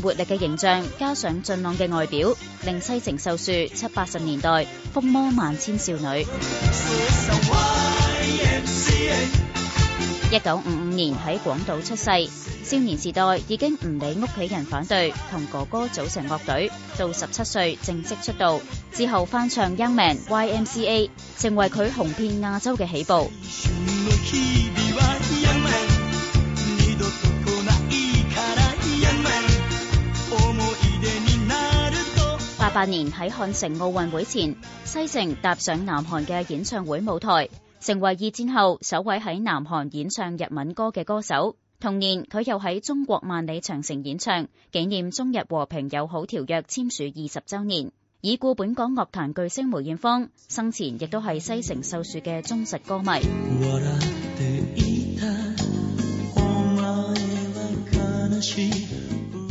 活力嘅形象，加上俊朗嘅外表，令西城秀樹七八十年代風靡萬千少女。一九五五年喺廣島出世，少年時代已經唔理屋企人反對，同哥哥組成樂隊，到十七歲正式出道，之後翻唱《Young Man Y M C A》，成為佢紅遍亞洲嘅起步。八年喺漢城奧運會前，西城踏上南韓嘅演唱會舞台，成為二戰後首位喺南韓演唱日文歌嘅歌手。同年，佢又喺中國萬里長城演唱，紀念中日和平友好條約簽署二十周年。已故本港樂壇巨星梅艷芳，生前亦都係西城秀樹嘅忠實歌迷。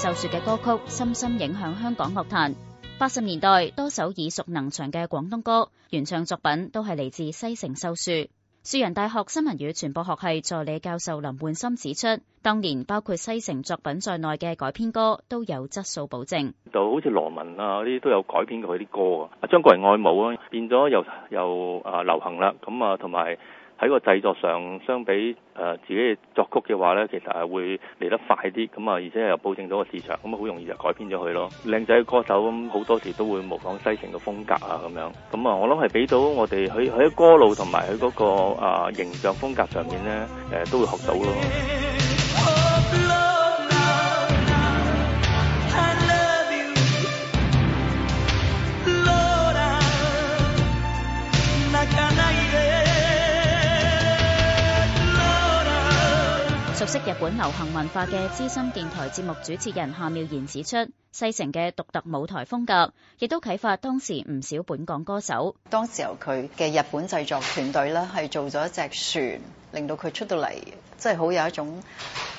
秀樹嘅歌曲深深影響香港樂壇。八十年代多首耳熟能詳嘅廣東歌原唱作品都係嚟自西城秀樹。樹仁大學新聞與傳播學系助理教授林煥森指出，當年包括西城作品在內嘅改編歌都有質素保證，就好似羅文啊呢啲都有改編過佢啲歌啊。張國榮愛慕啊，變咗又又啊流行啦。咁啊，同埋。喺個製作上相比誒自己嘅作曲嘅話咧，其實係會嚟得快啲，咁啊而且又保證到個市場，咁啊好容易就改編咗佢咯。靚仔嘅歌手咁好多時都會模仿西城嘅風格啊咁樣，咁啊我諗係俾到我哋喺喺歌路同埋喺嗰個啊、呃、形象風格上面咧，誒都會學到咯。日本流行文化嘅資深電台節目主持人夏妙然指出。西城嘅獨特舞台風格，亦都啟發當時唔少本港歌手。當時候佢嘅日本製作團隊咧，係做咗一隻船，令到佢出到嚟，真係好有一種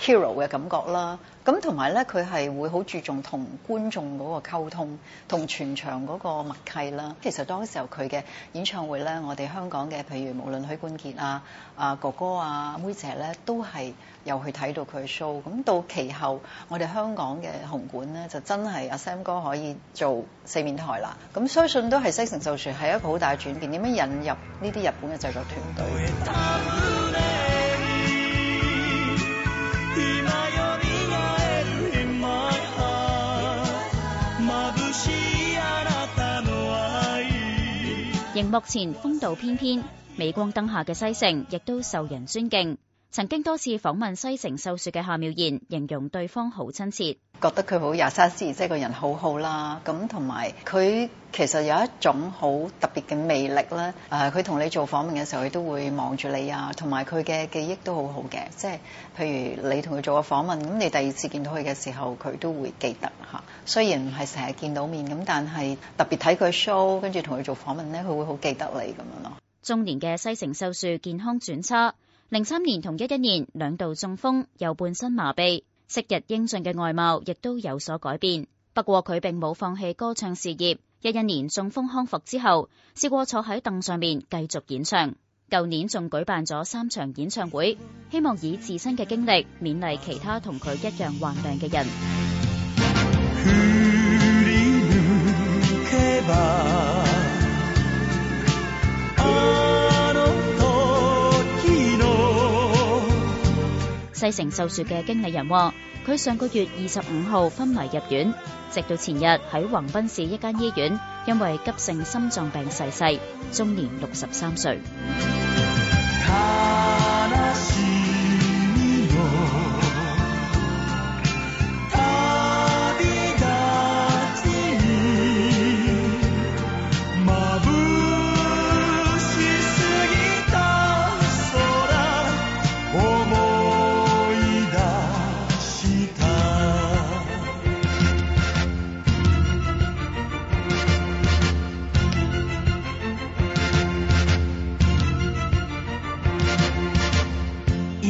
hero 嘅感覺啦。咁同埋咧，佢係會好注重同觀眾嗰個溝通，同全場嗰個默契啦。其實當時候佢嘅演唱會咧，我哋香港嘅，譬如無論許冠傑啊、啊哥哥啊、梅姐咧，都係有去睇到佢 show。咁到其後，我哋香港嘅紅館咧就真。真係阿 Sam 哥可以做四面台啦，咁相信都係西城就住係一個好大嘅轉變。點樣引入呢啲日本嘅製作團隊？熒幕前風度翩翩，微光燈下嘅西城亦都受人尊敬。曾經多次訪問西城秀樹嘅夏妙賢形容對方好親切，覺得佢、就是、好廿三斯，即係個人好好啦。咁同埋佢其實有一種好特別嘅魅力咧。誒，佢同你做訪問嘅時候，佢都會望住你啊。同埋佢嘅記憶都很好好嘅，即、就、係、是、譬如你同佢做個訪問，咁你第二次見到佢嘅時候，佢都會記得吓。雖然唔係成日見到面咁，但係特別睇佢 show，跟住同佢做訪問咧，佢會好記得你咁樣咯。中年嘅西城秀樹健康轉差。零三年同一一年兩度中風，右半身麻痹，昔日英俊嘅外貌亦都有所改變。不過佢並冇放棄歌唱事業。一一年中風康復之後，試過坐喺凳上面繼續演唱。舊年仲舉辦咗三場演唱會，希望以自身嘅經歷勉勵其他同佢一樣患病嘅人。西城秀樹嘅經理人話：佢上個月二十五號昏迷入院，直到前日喺橫濱市一間醫院，因為急性心臟病逝世，終年六十三歲。